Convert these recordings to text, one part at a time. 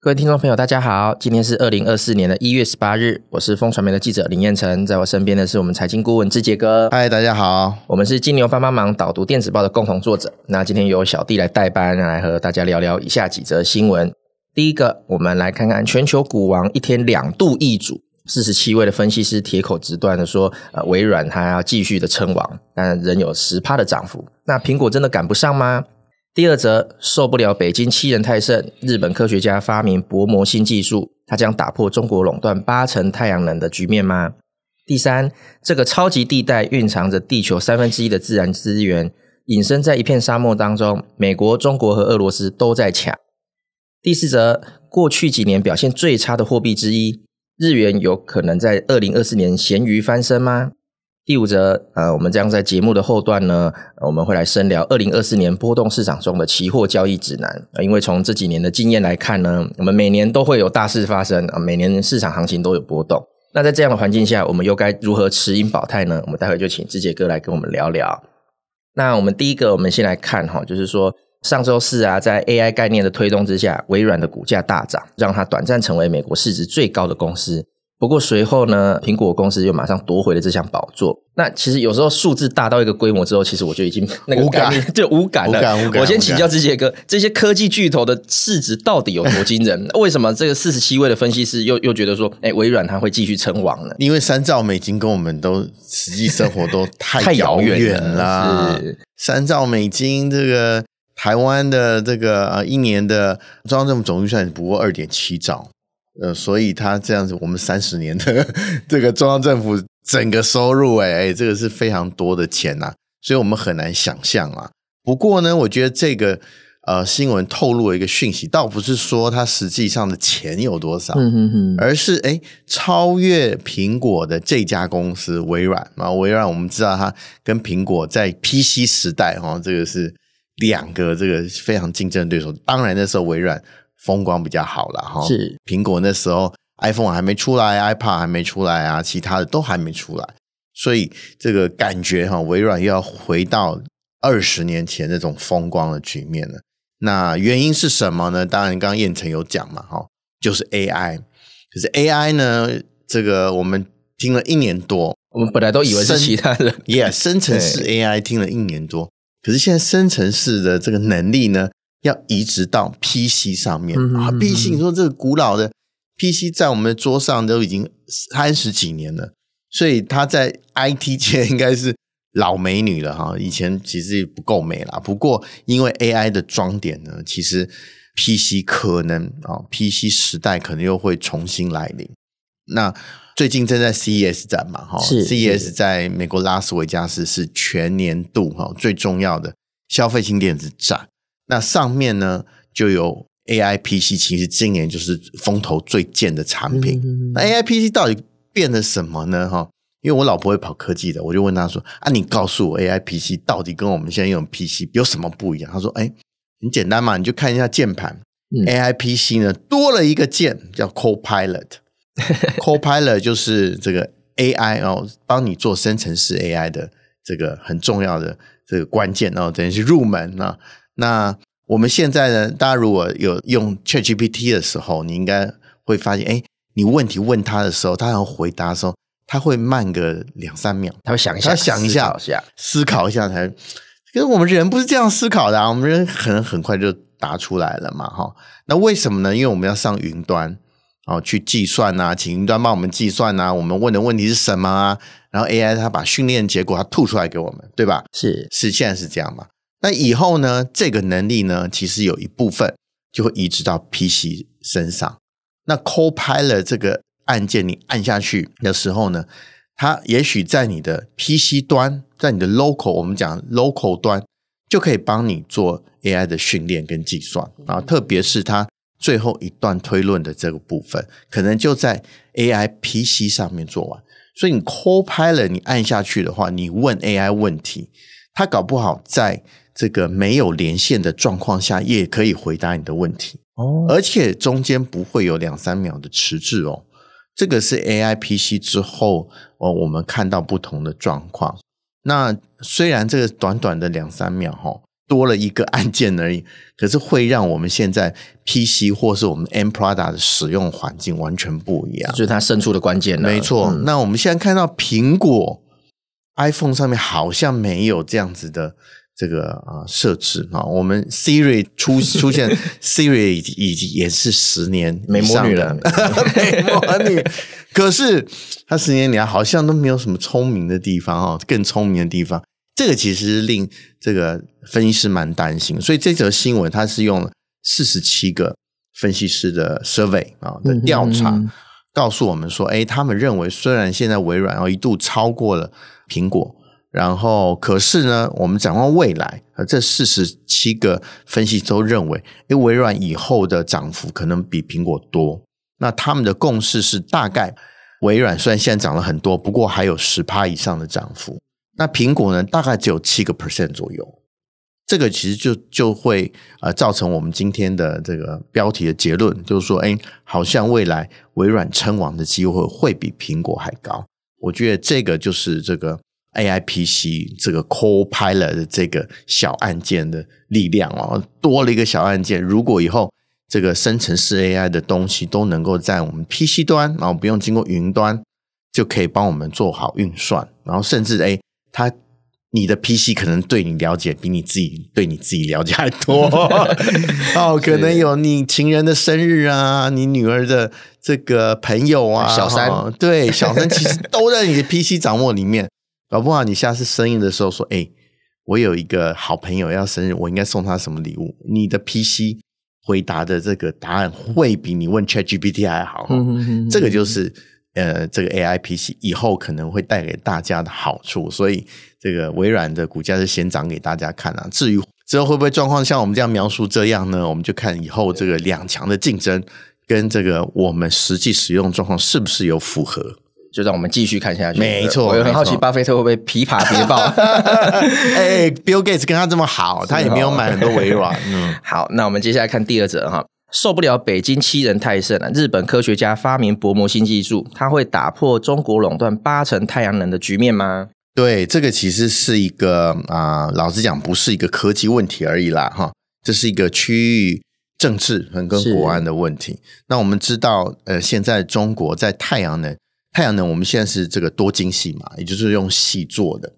各位聽眾朋友，大家好，今天是二零二四年的一月十八日，我是風傳媒的記者林彥辰，在我身邊的是我們財經顧問之杰哥。嗨，大家好，我們是金牛幫幫忙導讀電子報的共同作者。那今天由小弟來代班來和大家聊聊以下幾則新聞。第一個，我們來看看全球股王一天兩度易主，四十七位的分析師鐵口直斷的說，呃，微軟還要繼續的稱王，但仍有十趴的漲幅。那蘋果真的趕不上嗎？第二則，受不了北京欺人太甚，日本科學家發明薄膜新技術，它將打破中國壟斷八成太陽能的局面嗎？第三，這個超級地帶蘊藏着地球三分之一的自然資源，隱身在一片沙漠當中，美國、中國和俄羅斯都在搶。第四則，過去幾年表現最差的貨幣之一，日元有可能在二零二四年鹹魚翻身嗎？第五則，呃，我們將在節目的後段呢，呃，我們會來深聊二零二四年波動市場中的期貨交易指南，呃。因為從這幾年的經驗來看呢，我們每年都會有大事發生啊，呃，每年市場行情都有波動。那在這樣的環境下，我們又該如何持盈保泰呢？我們待會就請之杰哥來跟我們聊聊。那我們第一個，我們先來看哈，哦，就是說上周四啊，在 AI 概念的推動之下，微軟的股價大漲，讓它短暫成為美國市值最高的公司。不過隨後呢，蘋果公司又馬上奪回了這項寶座。那其實有時候數字大到一個規模之後，其實我就已經那個感無感 就無感了。無感無感，我先請教之杰哥，感這些科技巨頭的市值到底有多驚人？ 為什麼這個四十七位的分析師又又覺得說，哎、欸，微軟它會繼續稱王呢？因為三兆美金跟我們都實際生活都太遙遠了。三 兆美金，這個台灣的這個啊、呃、一年的中央政府總預算不過二點七兆。呃，所以他這樣子，我們三十年的這個中央政府整個收入，誒哎，這個是非常多的錢吶、啊，所以我們很難想象啊。不過呢，我覺得這個呃新聞透露了一個訊息，倒不是說它實際上的錢有多少，而是誒、欸、超越蘋果的這家公司微軟嘛。微軟，我們知道它跟蘋果在 PC 時代哈，這個是兩個這個非常競爭的對手。當然那時候微軟。風光比較好了哈，是蘋果那時候 iPhone 還沒出來，iPad 還沒出來啊，其他的都還沒出來，所以這個感覺哈、哦，微軟又要回到二十年前那種風光的局面了。那原因是什麼呢？當然，剛剛燕城有講嘛，哈，就是 AI。可是 AI 呢，這個我們聽了一年多，我們本來都以為是其他的深 對，Yeah，生成式 AI 聽了一年多，可是現在生成式的這個能力呢？要移植到 PC 上面啊！PC 你說這個古老的 PC 在我們的桌上都已經三十幾年了，所以它在 IT 界應該是老美女了哈。以前其實也不夠美啦，不過因為 AI 的裝點呢，其實 PC 可能啊，PC 時代可能又會重新來臨。那最近正在 CES 展嘛哈，CES 在美國拉斯維加斯是全年度哈最重要的消費型電子展。那上面呢，就有 A I P C，其實今年就是風頭最健的產品。嗯嗯嗯。那 A I P C 到底變了什麼呢？哈，因為我老婆會跑科技的，我就問她說：“啊，你告訴我 A I P C 到底跟我們現在用 P C 有什麼不一樣？”她說：“哎、欸，很簡單嘛，你就看一下鍵盤。嗯、A I P C 呢多了一個鍵叫 Copilot，Copilot co 就是這個 A I 哦，幫你做生成式 A I 的這個很重要的這個關鍵哦，然後等於是入門那我們現在呢？大家如果有用 ChatGPT 的時候，你應該會發現，哎，你問題問他的時候，他要回答的時候，他會慢個兩三秒，他會想，想，想一下，想一下，思考一下才。 可是我們人不是這樣思考的啊，我們人可能很快就答出來了嘛，哈、哦。那為什麼呢？因為我們要上雲端，然後去計算啊，請雲端幫我們計算啊。我們問的問題是什麼啊？然後 AI 它把訓練結果它吐出來給我們，對吧？是是，現在是這樣嘛。那以後呢？這個能力呢，其實有一部分就會移植到 PC 身上。那 Copilot 這個按鍵，你按下去的時候呢，它也許在你的 PC 端，在你的 local，我們講 local 端就可以幫你做 AI 的訓練跟計算。然後，特別是它最後一段推論的這個部分，可能就在 AI PC 上面做完。所以你，你 Copilot，你按下去的話，你問 AI 問題，它搞不好在。這個沒有連線的狀況下也可以回答你的問題哦，而且中間不會有兩三秒的遲滯哦。這個是 AI PC 之後哦，我們看到不同的狀況。那雖然這個短短的兩三秒哈、哦，多了一個按鍵而已，可是會讓我們現在 PC 或是我們 M Proda 的使用環境完全不一樣，就是它勝出的關鍵。沒錯，那我們現在看到蘋果 iPhone 上面好像沒有這樣子的。這個啊，設置啊、哦，我們 Siri 出出現 Siri 已經已經也是十年以上的沒摸女人。可是他十年裡好像都沒有什麼聰明的地方啊、哦，更聰明的地方，這個其實令這個分析師蠻擔心，所以這則新聞它是用了四十七個分析師的 survey 啊、哦、的調查，嗯嗯告訴我們說，哎，他們認為雖然現在微軟哦一度超過了蘋果。然後，可是呢，我們展望未來，呃，這四十七個分析都認為，因為微軟以後的漲幅可能比蘋果多。那他們的共識是，大概微軟雖然現在漲了很多，不過還有十趴以上的漲幅。那蘋果呢，大概只有七個 percent 左右。這個其實就就會呃造成我們今天的這個標題的結論，就是說，哎，好像未來微軟稱王的機會會比蘋果還高。我覺得這個就是這個。A I P C 這個 copilot 的這個小按鍵的力量哦，多了一個小按鍵。如果以後這個生成式 A I 的東西都能夠在我們 P C 端，然後不用經過雲端，就可以幫我們做好運算。然後甚至 A，、欸、它你的 P C 可能對你了解，比你自己對你自己了解還多 哦，可能有你情人的生日啊，你女兒的這個朋友啊，小三、哦、對小三其實都在你的 P C 掌握裡面。 搞不好、啊？你下次生日的時候說：“哎、欸，我有一個好朋友要生日，我應該送他什麼禮物？”你的 P C 回答的這個答案會比你問 Chat G P T 還好。嗯嗯嗯、這個就是呃，這個 A I P C 以後可能會帶給大家的好處。所以這個微軟的股價是先漲給大家看啊。至於之後會不會狀況像我們這樣描述這樣呢？我們就看以後這個兩強的競爭跟這個我們實際使用狀況是不是有符合。就讓我們繼續看下去。沒錯，我很好奇巴菲特會不會琵琶別抱？哎、 欸、，Bill Gates 跟他這麼好，後他也沒有買很多微軟。嗯、好，那我們接下來看第二則。哈，受不了北京欺人太甚了！日本科學家發明薄膜新技術，他會打破中國壟斷八成太陽能的局面嗎？對，這個其實是一個啊、呃，老實講，不是一個科技問題而已啦，哈，這是一個區域政治和跟國安的問題。是那我們知道，呃，現在中國在太陽能。太陽能，我們現在是這個多晶矽嘛，也就是用矽做的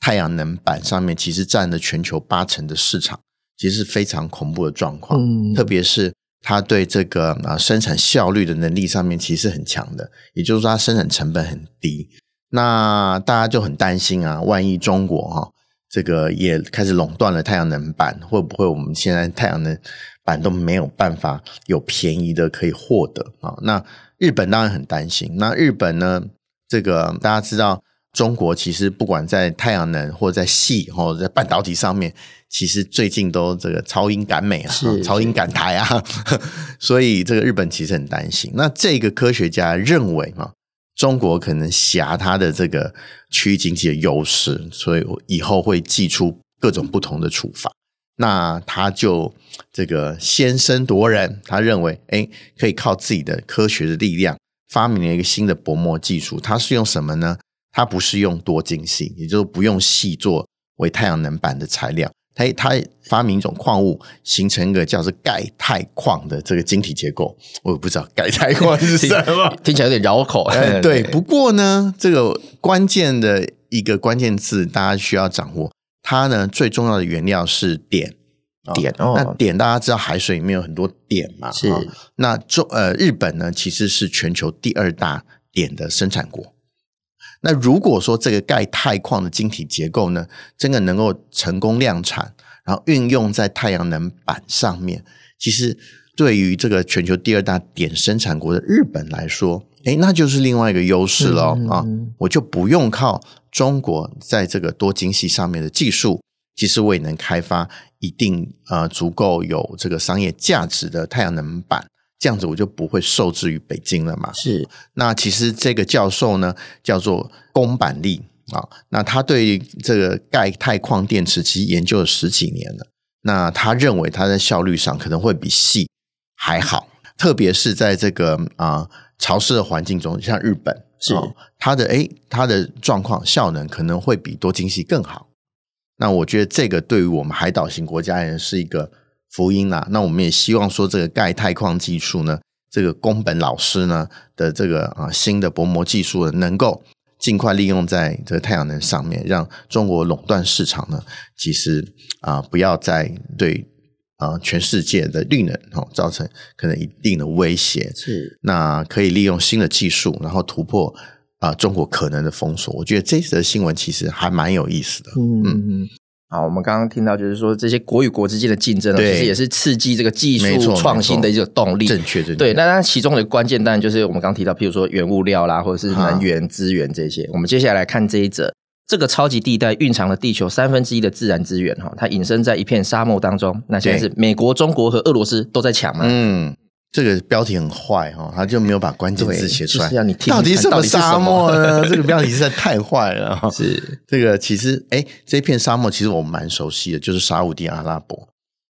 太陽能板上面，其實佔了全球八成的市場，其實是非常恐怖的狀況。嗯、特別是它對這個啊生產效率的能力上面，其實是很強的。也就是說，它生產成本很低，那大家就很擔心啊，萬一中國哈、哦、這個也開始壟斷了太陽能板，會不會我們現在太陽能板都沒有辦法有便宜的可以獲得啊、哦？那日本當然很擔心。那日本呢？這個大家知道，中國其實不管在太陽能，或者在系，或、哦、者在半導體上面，其實最近都這個超英趕美啊，是是超英趕台啊。是是 所以這個日本其實很擔心。那這個科學家認為嘛、哦，中國可能挾它的這個區域經濟的優勢，所以以後會祭出各種不同的處罰。嗯那他就這個先聲奪人，他認為，哎，可以靠自己的科學的力量發明了一個新的薄膜技術。他是用什麼呢？他不是用多晶矽，也就是不用矽作為太陽能板的材料。誒它他發明一種礦物，形成一個叫做鈣鈦礦的這個晶體結構。我也不知道鈣鈦礦是什麼 聽，聽起來有點繞口。 對，對對，不過呢，這個關鍵的一個關鍵字大家需要掌握。它呢，最重要的原料是碘，碘。哦、那碘大家知道，海水裡面有很多碘嘛。是，哦、那中呃，日本呢其實是全球第二大碘的生產國。那如果說這個鈣鈦礦的晶體結構呢，真的能夠成功量產，然後運用在太陽能板上面，其實對於這個全球第二大碘生產國的日本來說，哎，那就是另外一個優勢了、嗯、啊！我就不用靠中國在這個多晶矽上面的技術，其實我也能開發一定呃足夠有這個商業價值的太陽能板，這樣子我就不會受制於北京了嘛。是，那其實這個教授呢叫做宮坂力啊，那他對這個鈣鈦礦電池其實研究了十幾年了，那他認為他在效率上可能會比矽還好，嗯、特別是在這個啊。潮濕的環境中，像日本是、哦，它的誒它的狀況效能可能會比多晶矽更好。那我覺得這個對於我們海島型國家人是一個福音啦、啊。那我們也希望說，這個鈣鈦礦技術呢，這個宮本老師呢的這個啊新的薄膜技術能夠儘快利用在這個太陽能上面，讓中國壟斷市場呢，其實啊不要再對。啊，全世界的綠能哦，造成可能一定的威脅。是，那可以利用新的技術，然後突破啊中國可能的封鎖。我覺得這一則新聞其實還蠻有意思的。嗯嗯，嗯嗯好，我們剛剛聽到就是說這些國與國之間的競爭，其實對也是刺激這個技術創新的一個動力。正確正確對。那其中的關鍵，當然就是我們剛，剛提到，譬如說原物料啦，或者是能源哈資源這些。我們接下來，來看這一則。這個超級地帶蘊藏了地球三分之一的自然資源哈，它隱身在一片沙漠當中。那現在是美國、中國和俄羅斯都在搶嘛、啊？嗯，這個標題很壞哈，他就沒有把關鍵字寫出來。你到底是什麼沙漠呢？這個標題實在太壞了。 是這個其實哎，這片沙漠其實我們蠻熟悉的，就是沙烏地阿拉伯。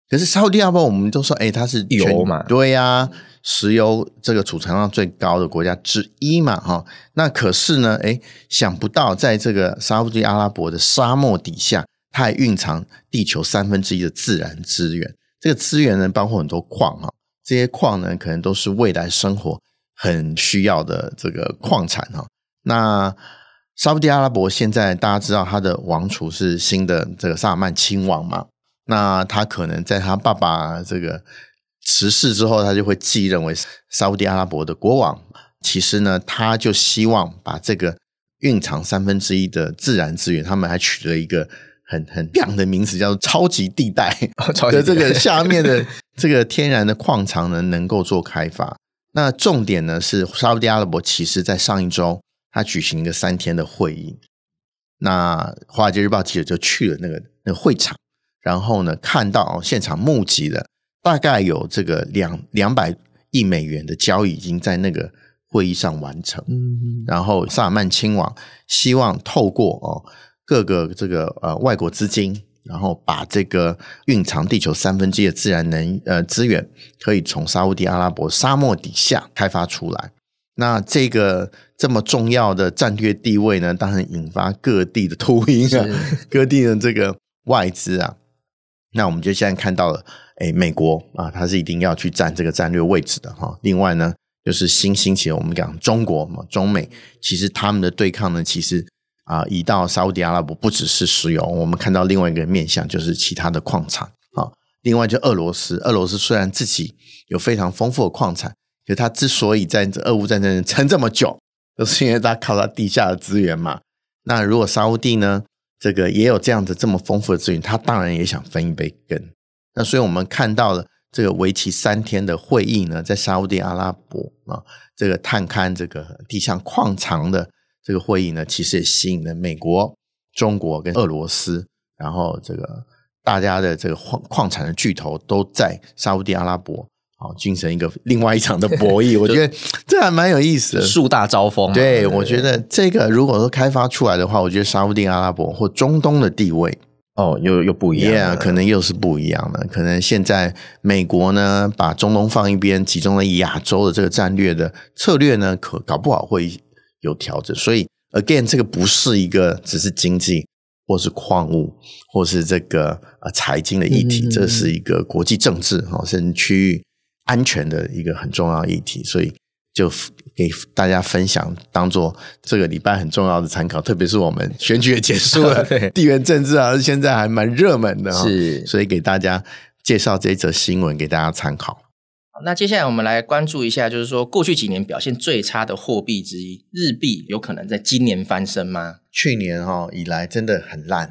可是沙烏地阿拉伯，我們都說，哎、欸，它是油、啊、嘛，對呀，石油這個儲藏量最高的國家之一嘛，哈、哦。那可是呢，哎、欸，想不到在這個沙烏地阿拉伯的沙漠底下，它還蘊藏地球三分之一的自然資源。這個資源呢，包括很多礦哈、哦，這些礦呢，可能都是未來生活很需要的這個礦產哈、哦。那沙烏地阿拉伯現在大家知道它的王儲是新的這個薩爾曼親王嗎？那他可能在他爸爸這個辭世之後，他就會繼任為沙烏地阿拉伯的國王。其實呢，他就希望把這個蘊藏三分之一的自然資源，他們還取了一個很很亮的名字，叫做“超級地帶”，的這個下面的這個天然的礦藏呢，能夠做開發。那重點呢是沙烏地阿拉伯，其實在上一周他舉行一個三天的會議，那華爾街日報記者就去了那個那個會場。然後呢，看到、哦、現場募集了大概有這個兩兩百億美元的交易，已經在那個會議上完成。嗯、哼然後薩爾曼親王希望透過哦，各個這個呃外國資金，然後把這個蘊藏地球三分之一的自然能呃資源，可以從沙烏地、阿拉伯沙漠底下開發出來。那這個這麼重要的戰略地位呢，當然引發各地的禿鷹啊，是各地的這個外資啊。那我們就現在看到了，誒、欸，美國啊，它是一定要去佔這個戰略位置的哈。另外呢，就是新興起的，我們講中國嘛，中美其實他們的對抗呢，其實啊，已到沙烏地阿拉伯不只是石油，我們看到另外一個面向就是其他的礦產啊。另外就俄羅斯，俄羅斯雖然自己有非常豐富的礦產，其它他之所以在俄烏戰爭撐這麼久，都、就是因為他靠他地下的資源嘛。那如果沙烏地呢？這個也有這樣子這麼豐富的資源，他當然也想分一杯羹。那所以我們看到了這個為期三天的會議呢，在沙烏地阿拉伯啊，這個探勘這個地下礦藏的這個會議呢，其實也吸引了美國、中國跟俄羅斯，然後這個大家的這個礦礦產的巨頭都在沙烏地阿拉伯。好，進行、哦、一個另外一場的博弈， 就我覺得這還蠻有意思的。樹大招風、啊，對我覺得這個如果說開發出來的話，我覺得沙烏地阿拉伯或中東的地位哦，又又不一樣，yeah, 可能又是不一樣的。嗯、可能現在美國呢，把中東放一邊，集中在亞洲的這個戰略的策略呢，可搞不好會有調整。所以，again，這個不是一個只是經濟或是礦物或是這個財經的議題，嗯嗯這是一個國際政治甚至區域安全的一個很重要議題，所以就給大家分享，當做這個禮拜很重要的參考。特別是我們選舉也結束了， 對地緣政治啊，現在還蠻熱門的哦，是，所以給大家介紹這則新聞給大家參考。那接下來我們來關注一下，就是說，過去幾年表現最差的貨幣之一日幣，有可能在今年翻身嗎？去年哈以來真的很爛，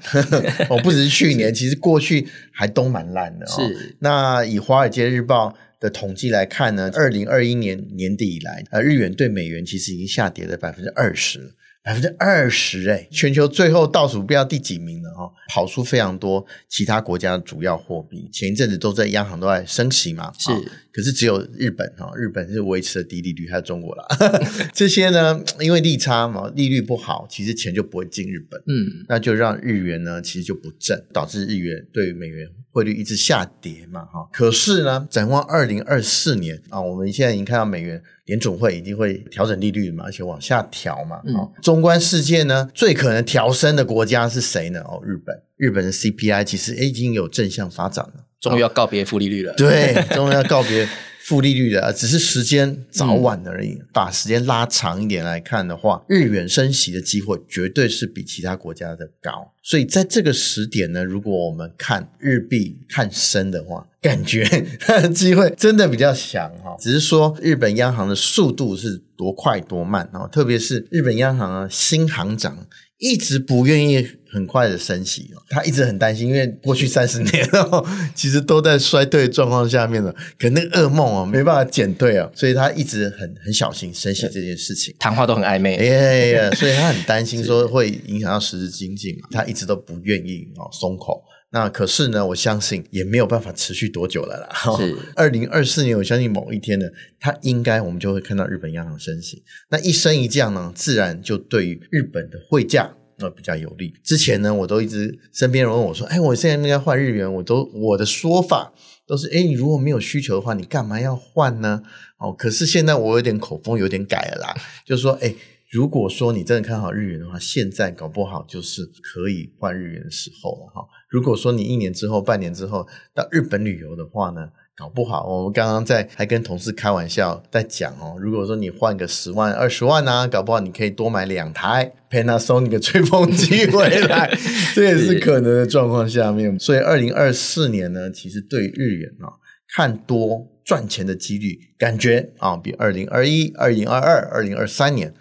我 不只是去年，是其實過去還都蠻爛的。是那以華爾街日報的統計來看呢，二零二一年年底以來，呃，日元對美元其實已經下跌了百分之二十，百分之二十哎，全球最後倒數不知道第幾名了哦，跑出非常多其他國家的主要貨幣。前一陣子都在央行都在升息嘛，是。可是只有日本哈，日本是維持了低利率，還有中國啦。 這些呢，因為利差嘛，利率不好，其實錢就不會進日本，嗯，那就讓日元呢，其實就不振，導致日元對美元匯率一直下跌嘛，哈。可是呢，展望二零二四年啊，我們現在已經看到美元聯準會已經會調整利率嘛，而且往下調嘛，嗯、中縱觀世界呢，最可能調升的國家是誰呢？哦，日本，日本的 CPI 其實、欸、已經有正向發展了。終於要告別負利率了，對，終於要告別負利率了， 只是時間早晚而已。把時間拉長一點來看的話，日元升息的機會絕對是比其他國家的高。所以在這個時點呢，如果我們看日幣看升的話，感覺他的機會真的比較強哈。只是說日本央行的速度是多快多慢哈，特別是日本央行啊，新行長。一直不願意很快的升息哦，他一直很擔心，因為過去三十年哦，其實都在衰退狀況下面了，可能那個噩夢哦，沒辦法減退啊，所以他一直很很小心升息這件事情，談話都很曖昧。哎呀，所以他很擔心說會影響到實質經濟嘛， 是他一直都不願意啊鬆口。那可是呢，我相信也沒有辦法持續多久了啦。是，二零二四年，我相信某一天呢，它應該我們就會看到日本央行升息。那一升一降呢，自然就對於日本的匯價那比較有利。之前呢，我都一直身邊人問我說：“哎、欸，我現在應該換日元？”我都我的說法都是：“哎、欸，你如果沒有需求的話，你幹嘛要換呢？”哦，可是現在我有點口風有點改了啦， 就是說：“誒、欸如果說你真的看好日元的話，現在搞不好就是可以換日元的時候了哈。如果說你一年之後、半年之後到日本旅遊的話呢，搞不好我們剛剛在還跟同事開玩笑在講哦，如果說你換個十萬、二十萬吶、啊，搞不好你可以多買兩台 Panasonic 吹風機回來， 對這也是可能的狀況下面。所以二零二四年呢，其實對日元啊、哦、看多賺錢的幾率，感覺啊、哦、比二零二一、二零二二、二零二三年。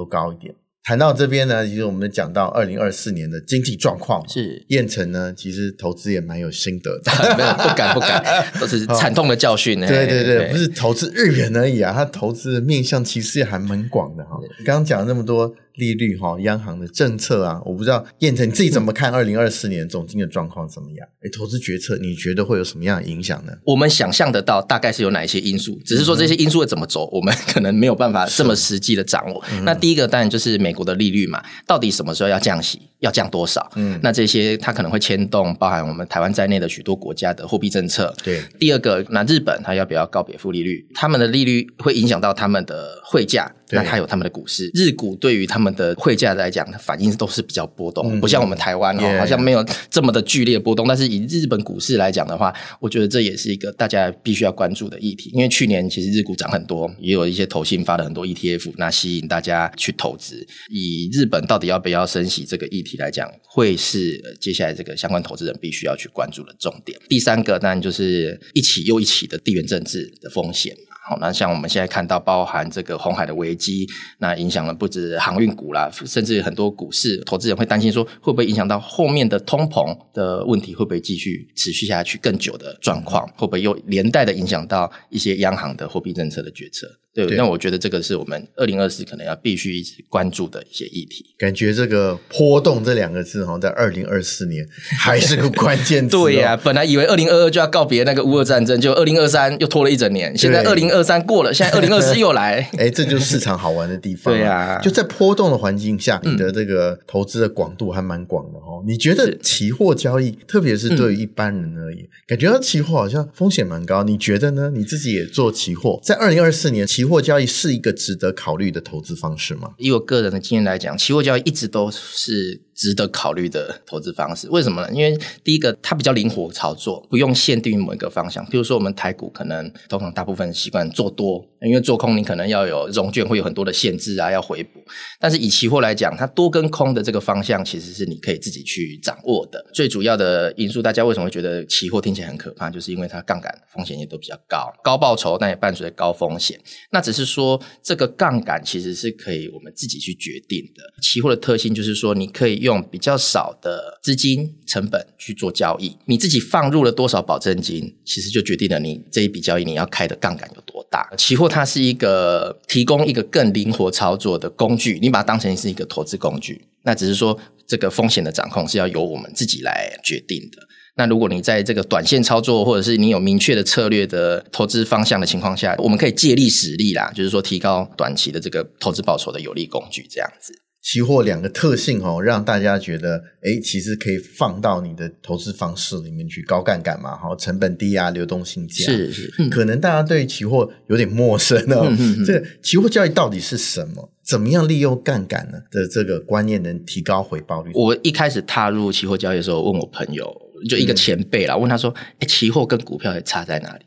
都高一點。談到這邊呢，其實我們講到二零二四年的經濟狀況，是晏成呢，其實投資也蠻有心得的， 沒有不敢不敢，不敢 都是慘痛的教訓呢。對對對，不是投資日元而已啊，他投資的面向其實還蠻廣的哈。對剛剛講了那麼多，利率哈，央行的政策啊，我不知道燕城，你自己怎麼看？二零二四年總經的狀況怎麼樣？哎、欸，投資決策你覺得會有什麼樣的影響呢？我們想象得到大概是有哪一些因素，只是說這些因素會怎麼走，嗯、我們可能沒有辦法這麼實際的掌握。嗯、那第一個當然就是美國的利率嘛，到底什麼時候要降息？要降多少？嗯，那這些它可能會牽動包含我們台灣在內的許多國家的貨幣政策。對，第二個，那日本它要不要告別負利率？他們的利率會影響到他們的匯價。對那還有他們的股市，日股對於他們的匯價來講，反應都是比較波動，嗯、不像我們台灣哦、喔，嗯、好像沒有這麼的劇烈波動。嗯、但是以日本股市來講的話，我覺得這也是一個大家必須要關注的議題，因為去年其實日股漲很多，也有一些投信發了很多 ETF，那吸引大家去投資。以日本到底要不要升息這個議題來講會是接下來這個相關投資人必須要去關注的重點。第三個，當然就是一起又一起的地緣政治的風險。好，那像我們現在看到，包含這個紅海的危機，那影響了不止航運股啦，甚至很多股市投資人會擔心說，會不會影響到後面的通膨的問題，會不會繼續持續下去更久的狀況，會不會又連帶的影響到一些央行的貨幣政策的決策？對，那我覺得這個是我們二零二四可能要必須一直關注的一些議題。感覺這個波動這兩個字、哦，好像在二零二四年還是個關鍵詞、哦。 對呀、啊，本來以為二零二二就要告別那個烏俄戰爭，就二零二三又拖了一整年。現在二零二三過了，對現在二零二四又來。哎，這就是市場好玩的地方。 對呀、啊，就在波動的環境下，你的這個投資的廣度還蠻廣的哦。你覺得期貨交易，嗯、特別是對於一般人而言，嗯、感覺到期貨好像風險蠻高。你覺得呢？你自己也做期貨，在二零二四年期期貨交易，是一個值得考慮的投資方式嗎？以我個人的經驗來講，期貨交易一直都是。值得考慮的投資方式，為什麼呢？因為第一個，它比較靈活操作，不用限定於某一個方向。比如說，我們台股可能通常大部分習慣做多，因為做空你可能要有融券，會有很多的限制啊，要回補。但是以期貨來講，它多跟空的這個方向其實是你可以自己去掌握的。最主要的因素，大家為什麼會覺得期貨聽起來很可怕？就是因為它槓桿風險也都比較高，高報酬，但也伴隨高風險。那只是說，這個槓桿其實是可以我們自己去決定的。期貨的特性就是說，你可以用。用比較少的資金成本去做交易，你自己放入了多少保證金，其實就決定了你這一筆交易你要開的槓桿有多大。期貨它是一個提供一個更靈活操作的工具，你把它當成是一個投資工具，那只是說這個風險的掌控是要由我們自己來決定的。那如果你在這個短線操作或者是你有明確的策略的投資方向的情況下，我們可以借力使力啦，就是說提高短期的這個投資報酬的有利工具，這樣子。期貨兩個特性哦，讓大家覺得誒、欸、其實可以放到你的投資方式裡面去高槓桿嘛，哈，成本低啊，流動性降。是是，嗯、可能大家對期貨有點陌生哦。這個、嗯、期貨交易到底是什麼？怎麼樣利用槓桿呢？的這個觀念能提高回報率？我一開始踏入期貨交易的時候，我問我朋友，就一個前輩啦，嗯、問他說：“誒、欸、期貨跟股票還差在哪裡？”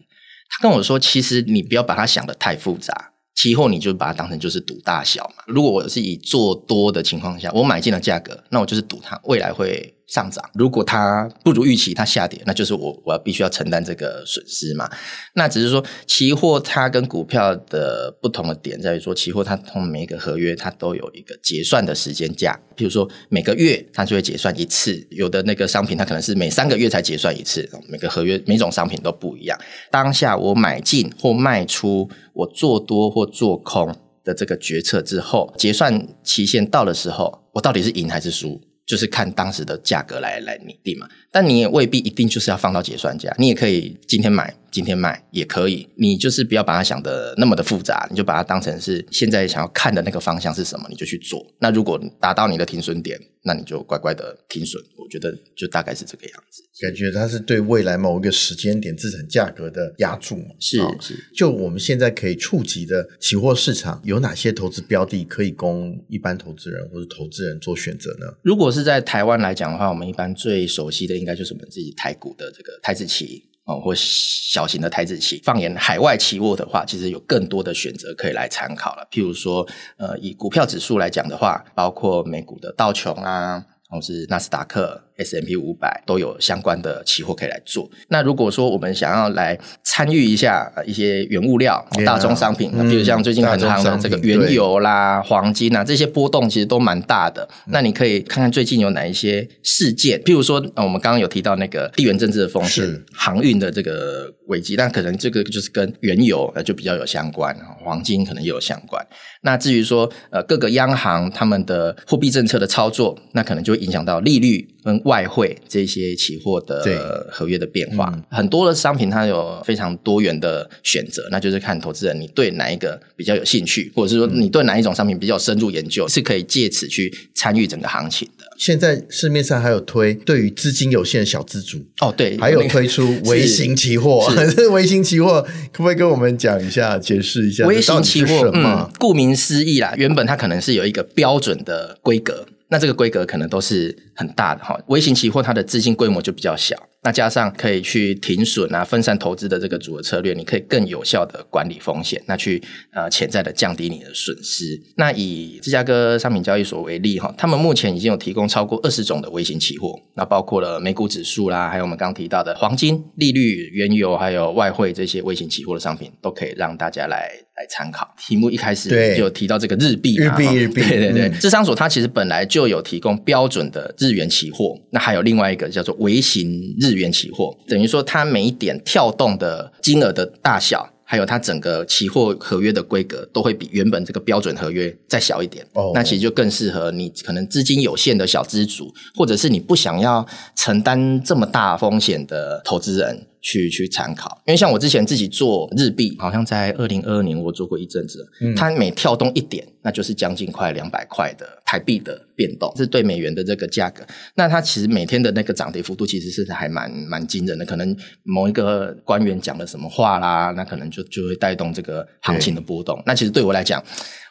他跟我說：“其實你不要把它想得太複雜。”期貨你就把它當成就是賭大小嘛。如果我是以做多的情況下，我買進了價格，那我就是賭它未來會上漲，如果它不如預期，它下跌，那就是我我要必須要承擔這個損失嘛。那只是說，期貨它跟股票的不同的點在於說，期貨它通每一個合約它都有一個結算的時間價，比如說每個月它就會結算一次，有的那個商品它可能是每三個月才結算一次，每個合約每一種商品都不一樣。當下我買進或賣出，我做多或做空的這個決策之後，結算期限到的時候，我到底是贏還是輸？就是看當時的價格來來擬定嘛，但你也未必一定就是要放到結算價，你也可以今天買。今天賣也可以，你就是不要把它想得那麼的複雜，你就把它當成是現在想要看的那個方向是什麼，你就去做。那如果達到你的停損點，那你就乖乖的停損。我覺得就大概是這個樣子。感覺它是對未來某一個時間點資產價格的押注。是是。Oh, 是。就我們現在可以觸及的期貨市場，有哪些投資標的可以供一般投資人或是投資人做選擇呢？如果是在台灣來講的話，我們一般最熟悉的應該就是我們自己台股的這個台指期。哦，或小型的台資企，放眼海外期貨的話，其實有更多的選擇可以來參考了。譬如說，呃，以股票指數來講的話，包括美股的道瓊啊，或是納斯達克。S&P 五百都有相關的期貨可以來做。那如果說我們想要來參與一下一些原物料，yeah, 大宗商品，嗯、比如像最近很夯的這個原油啦、黃金吶、啊，對這些波動其實都蠻大的。那你可以看看最近有哪一些事件，譬、嗯、如說、嗯、我們剛剛有提到那個地緣政治的風險、是航運的這個危機，那可能這個就是跟原油就比較有相關，黃金可能也有相關。那至於說呃各個央行他們的貨幣政策的操作，那可能就會影響到利率。跟外匯這些期貨的合約的變化，嗯、很多的商品它有非常多元的選擇，那就是看投資人你對哪一個比較有興趣，或者是說你對哪一種商品比較深入研究，是可以借此去參與整個行情的。現在市面上還有推對於資金有限的小資族哦，對，還有推出微型期貨，是，是微型期貨，可不可以跟我們講一下，解釋一下微型期貨？嗯，顧名思義啦，原本它可能是有一個標準的規格。那這個規格可能都是很大的哈，微型期貨它的資金規模就比較小，那加上可以去停損啊，分散投資的這個組合策略，你可以更有效的管理風險，那去呃潛在的降低你的損失。那以芝加哥商品交易所為例哈，他們目前已經有提供超過二十種的微型期貨，那包括了美股指數啦，還有我們剛提到的黃金、利率、原油還有外匯這些微型期貨的商品，都可以讓大家來。來參考，題目一開始就提到這個日幣，對日幣，日幣。對對對，嗯、芝商所，它其實本來就有提供標準的日元期貨，那還有另外一個叫做微型日元期貨，等於說它每一點跳動的金額的大小，還有它整個期貨合約的規格都會比原本這個標準合約再小一點。哦，那其實就更適合你可能資金有限的小資主，或者是你不想要承擔這麼大風險的投資人。去去參考，因為像我之前自己做日幣，好像在二零二二年我做過一陣子，嗯、它每跳動一點，那就是將近快兩百塊的台幣的變動，這是對美元的這個價格。那它其實每天的那個漲跌幅度其實是還蠻蠻驚人的。可能某一個官員講了什麼話啦，那可能就就會帶動這個行情的波動。對那其實對我來講，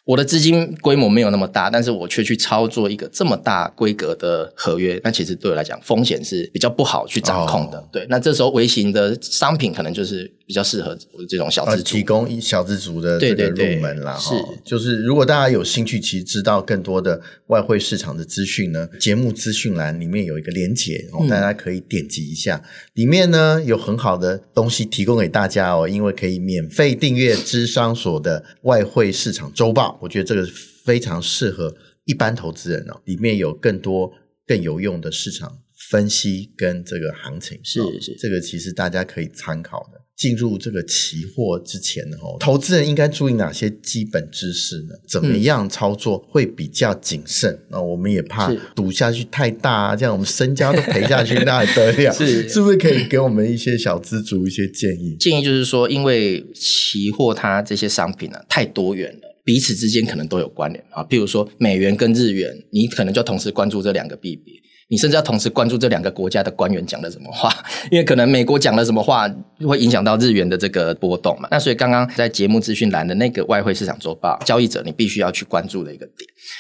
我的資金規模沒有那麼大，但是我卻去操作一個這麼大規格的合約，那其實對我來講，風險是比較不好去掌控的。哦、對，那這時候微型的商品可能就是。比較適合這種小資、呃，提供小資族的這個入門啦，對對對。是、哦，就是如果大家有興趣，其實知道更多的外匯市場的資訊呢，節目資訊欄裡面有一個連結，哦、大家可以點擊一下。嗯、裡面呢有很好的東西提供給大家哦，因為可以免費訂閱芝商所的外匯市場週報， 我覺得這個非常適合一般投資人哦。裡面有更多更有用的市場分析跟這個行情，是是、哦，這個其實大家可以參考的。進入這個期貨之前呢，哦，投資人應該注意哪些基本知識呢？怎麼樣操作會比較謹慎？那、嗯哦、我們也怕賭下去太大，啊，是這樣我們身家都賠下去 那還得了。是，是不是可以給我們一些小資族一些建議？建議就是說，因為期貨它這些商品呢、啊、太多元了，彼此之間可能都有關聯啊。比如說，美元跟日元，你可能就同時關注這兩個幣別。你甚至要同時關注這兩個國家的官員講了什麼話，因為可能美國講了什麼話會影響到日元的這個波動嘛。那所以剛剛在節目資訊欄的那個外匯市場週報，交易者你必須要去關注的一個點。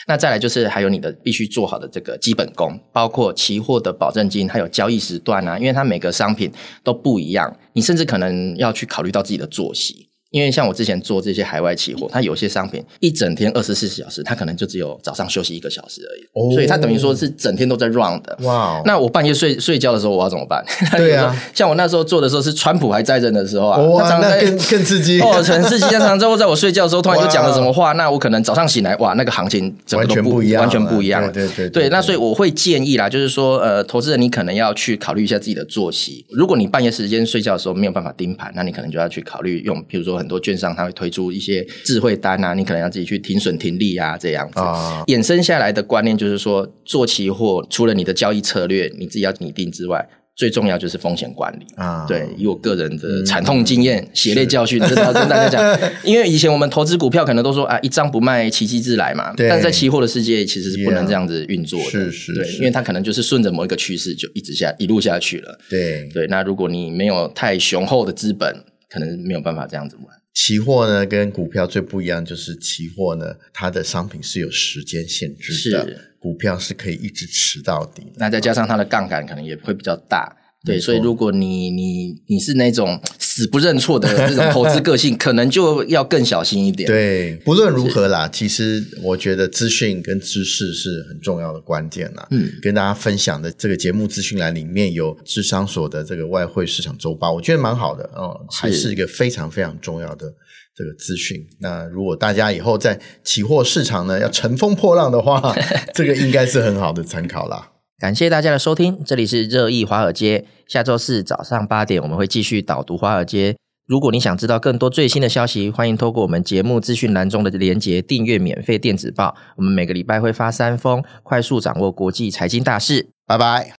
那再來就是還有你的必須做好的這個基本功，包括期貨的保證金，還有交易時段啊，因為它每個商品都不一樣，你甚至可能要去考慮到自己的作息。因為像我之前做這些海外期貨，它有些商品一整天二十四小時，它可能就只有早上休息一個小時而已，oh, 所以它等於說是整天都在 run 的。哇 Wow！那我半夜睡睡覺的時候我要怎麼辦？對啊， 像我那時候做的時候是川普還在任的時候啊，oh, 常常那更更刺激哦，更刺激！像、哦、常之後在我睡覺的時候 突然就講了什麼話，那我可能早上醒來哇，那個行情整個都不完全不一樣，完全不一樣。對對對，對，對，那所以我會建議啦，就是說呃，投資人你可能要去考慮一下自己的作息，如果你半夜時間睡覺的時候沒有辦法盯盤，那你可能就要去考慮用，比如說。很多券商他會推出一些智慧單啊，你可能要自己去停損停利啊，這樣子。Oh. 衍生下來的觀念就是說，做期貨除了你的交易策略你自己要擬定之外，最重要就是風險管理啊。Oh. 對，以我個人的慘痛經驗、mm hmm. 血淚教訓，是真的要跟大家講。 因為以前我們投資股票可能都說啊，一張不賣，奇蹟自來嘛。對但在期貨的世界，其實是不能這樣子運作的。Yeah. 是是，是。對，因為它可能就是順着某一個趨勢就一直下一路下去了。對對。那如果你沒有太雄厚的資本，可能沒有辦法這樣子玩。期貨呢，跟股票最不一樣，就是期貨呢，它的商品是有時間限制的，是股票是可以一直持到底。那再加上它的槓桿，可能也會比較大。對，錯所以如果你你你是那種死不認錯的這種投資個性， 可能就要更小心一點。對，不論如何啦，是其實我覺得資訊跟知識是很重要的關鍵啦。嗯，跟大家分享的這個節目資訊欄裡面有芝商所的這個外匯市場週報，我覺得蠻好的哦，是還是一個非常非常重要的這個資訊。那如果大家以後在期貨市場呢要乘風破浪的話，這個應該是很好的參考啦。 感謝大家的收聽，這裡是熱議華爾街。下周四早上八點，我們會繼續導讀華爾街。如果你想知道更多最新的消息，歡迎透過我們節目資訊欄中的連結訂閱免費電子報。我們每個禮拜會發三封，快速掌握國際財經大事。拜拜。